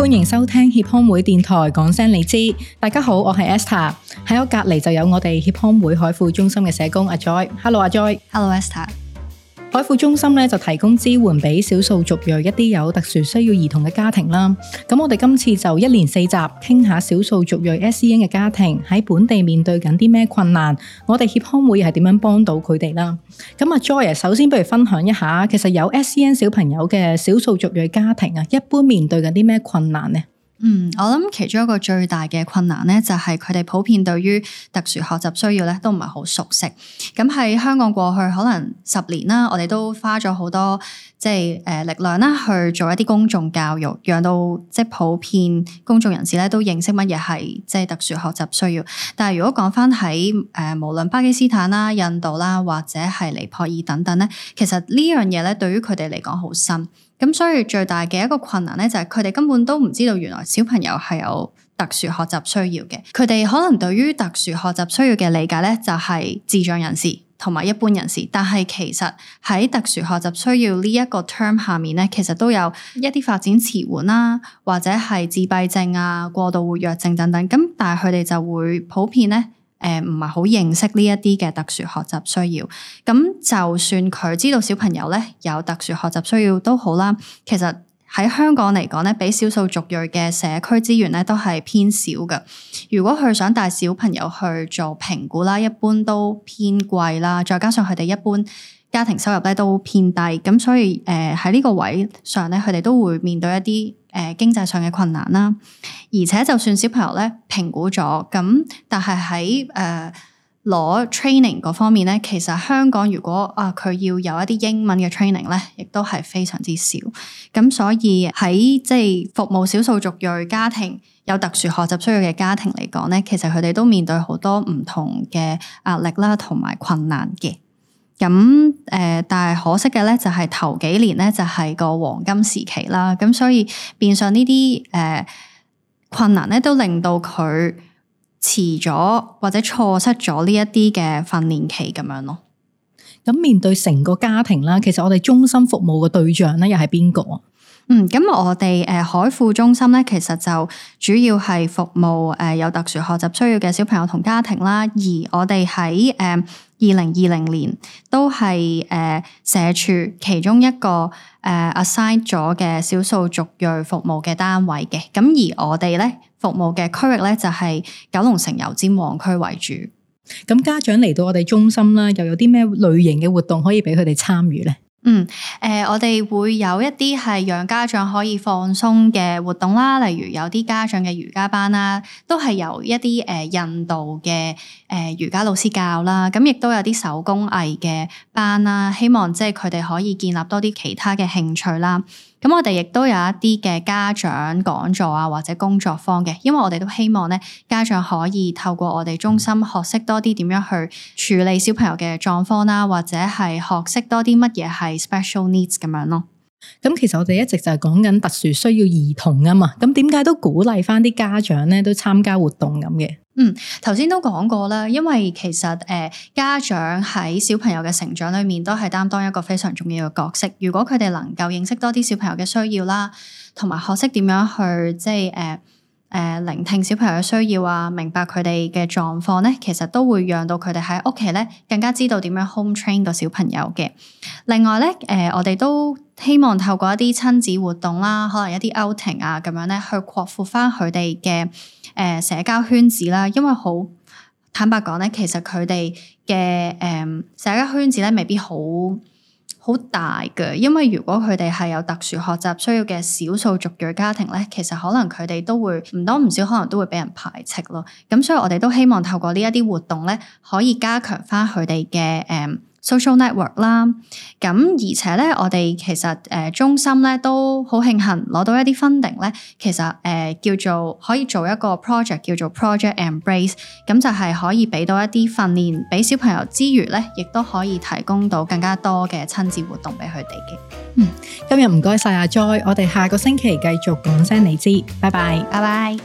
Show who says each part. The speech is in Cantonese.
Speaker 1: 歡迎收聽協康會電台講聲你知，大家好，我係 Esther，喺我隔籬就有我哋協康會海富中心嘅社工阿 Joy，Hello，阿 Joy，Hello Esther。海富中心就提供支援俾少數族裔一啲有特殊需要兒童嘅家庭啦。咁我哋今次就一連四集傾下少數族裔 SEN 嘅家庭喺本地面對緊啲咩困難，我哋協康會係點樣幫到佢哋啦？咁啊 Joy，首先不如分享一下，其實有 SEN 小朋友嘅少數族裔家庭啊，一般面對緊啲咩困難呢？
Speaker 2: 嗯，我諗其中一個最大嘅困難咧，就係佢哋普遍對於特殊學習需要咧，都唔係好熟悉。咁喺香港過去可能十年啦，我哋都花咗好多即係誒力量啦，去做一啲公眾教育，讓到即係普遍公眾人士咧都認識乜嘢係即係特殊學習需要。但係如果講返喺誒無論巴基斯坦啦、印度啦，或者係尼泊爾等等咧，其實呢樣嘢咧，對於佢哋嚟講好深。咁所以最大嘅一個困難咧，就係佢哋根本都唔知道原來小朋友係有特殊學習需要嘅。佢哋可能對於特殊學習需要嘅理解咧，就係智障人士同埋一般人士。但係其實喺特殊學習需要呢一個 term 下面咧，其實都有一啲發展遲緩啦、啊，或者係自閉症啊、過度活躍症等等。咁但係佢哋就會普遍咧。誒唔係好認識呢一啲嘅特殊學習需要，咁就算佢知道小朋友咧有特殊學習需要都好啦。其實喺香港嚟講咧，畀少數族裔嘅社區資源咧都係偏少嘅。如果佢想帶小朋友去做評估啦，一般都偏貴啦，再加上佢哋一般家庭收入咧都偏低，咁所以誒喺呢個位上咧，佢哋都會面對一啲誒、呃、經濟上嘅困難啦。而且就算小朋友咧評估咗，咁但係喺誒攞、呃、training 嗰方面咧，其實香港如果啊佢要有一啲英文嘅 training 咧，亦都係非常之少。咁所以喺即係服務少數族裔家庭、有特殊學習需要嘅家庭嚟講咧，其實佢哋都面對好多唔同嘅壓力啦，同埋困難嘅。咁誒、呃，但係可惜嘅咧，就係、是、頭幾年咧，就係、是、個黃金時期啦。咁所以變相呢啲誒。呃困難咧都令到佢遲咗或者錯失咗呢一啲嘅訓練期咁樣咯。咁面對成個家庭啦，其實我哋中心服務嘅對象咧又係邊個？嗯，咁我哋誒、呃、海富中心咧，其實就主要係服務誒、呃、有特殊學習需要嘅小朋友同家庭啦。而我哋喺誒二零二零年都係誒社署其中一個誒、呃、assign 咗嘅少數族裔服務嘅單位嘅。咁、呃、而我
Speaker 1: 哋咧，服務嘅區域咧就係、是、九龍城油尖旺區為主。咁家長嚟到我哋中心啦，又有啲咩類型嘅活動可以俾佢哋參與咧？嗯，誒、
Speaker 2: 呃，我哋會有一啲係讓家長可以放鬆嘅活動啦，例如有啲家長嘅瑜伽班啦，都係由一啲誒、呃、印度嘅誒、呃、瑜伽老師教啦，咁亦都有啲手工藝嘅班啦，希望即係佢哋可以建立多啲其他嘅興趣啦。咁我哋亦都有一啲嘅家長講座啊，或者工作坊嘅。因為我哋都希望咧家長可以透過我哋中心學識多啲點樣去處理小朋友嘅狀況啦，或者係學識多啲乜嘢係 special needs
Speaker 1: 咁樣咯。咁其實我哋一直就係講緊特殊需要兒童啊嘛，咁點解都鼓勵翻啲家長咧都參加活動咁嘅？
Speaker 2: 嗯，頭先都講過啦，因為其實誒、呃、家長喺小朋友嘅成長裏面都係擔當一個非常重要嘅角色。如果佢哋能夠認識多啲小朋友嘅需要啦，同埋學識點樣去即係誒，呃誒、呃，聆聽小朋友嘅需要啊，明白佢哋嘅狀況咧，其實都會讓到佢哋喺屋企咧更加知道點樣 home train 到小朋友嘅。另外咧，誒、呃，我哋都希望透過一啲親子活動啦，可能一啲 outing 啊樣呢，咁樣咧去擴闊翻佢哋嘅誒社交圈子啦。因為好坦白講咧，其實佢哋嘅誒社交圈子咧未必好。好大嘅，因為如果佢哋係有特殊學習需要嘅少數族裔家庭咧，其實可能佢哋都會唔多唔少，可能都會俾人排斥咯。咁所以我哋都希望透過呢一啲活動咧，可以加強翻佢哋嘅誒。嗯 social network 啦，咁而且咧，我哋其實誒中心咧都好慶幸攞到一啲 funding 咧，其實誒叫做可以做一個 project 叫做 Project Embrace，咁就係可以俾到一啲訓練，俾小朋友之餘咧，亦都可以提供到更加多嘅親子活動俾佢哋嘅。嗯，
Speaker 1: 今日唔該晒阿 Joy，我哋下個星期繼續講聲你知，拜拜，拜拜。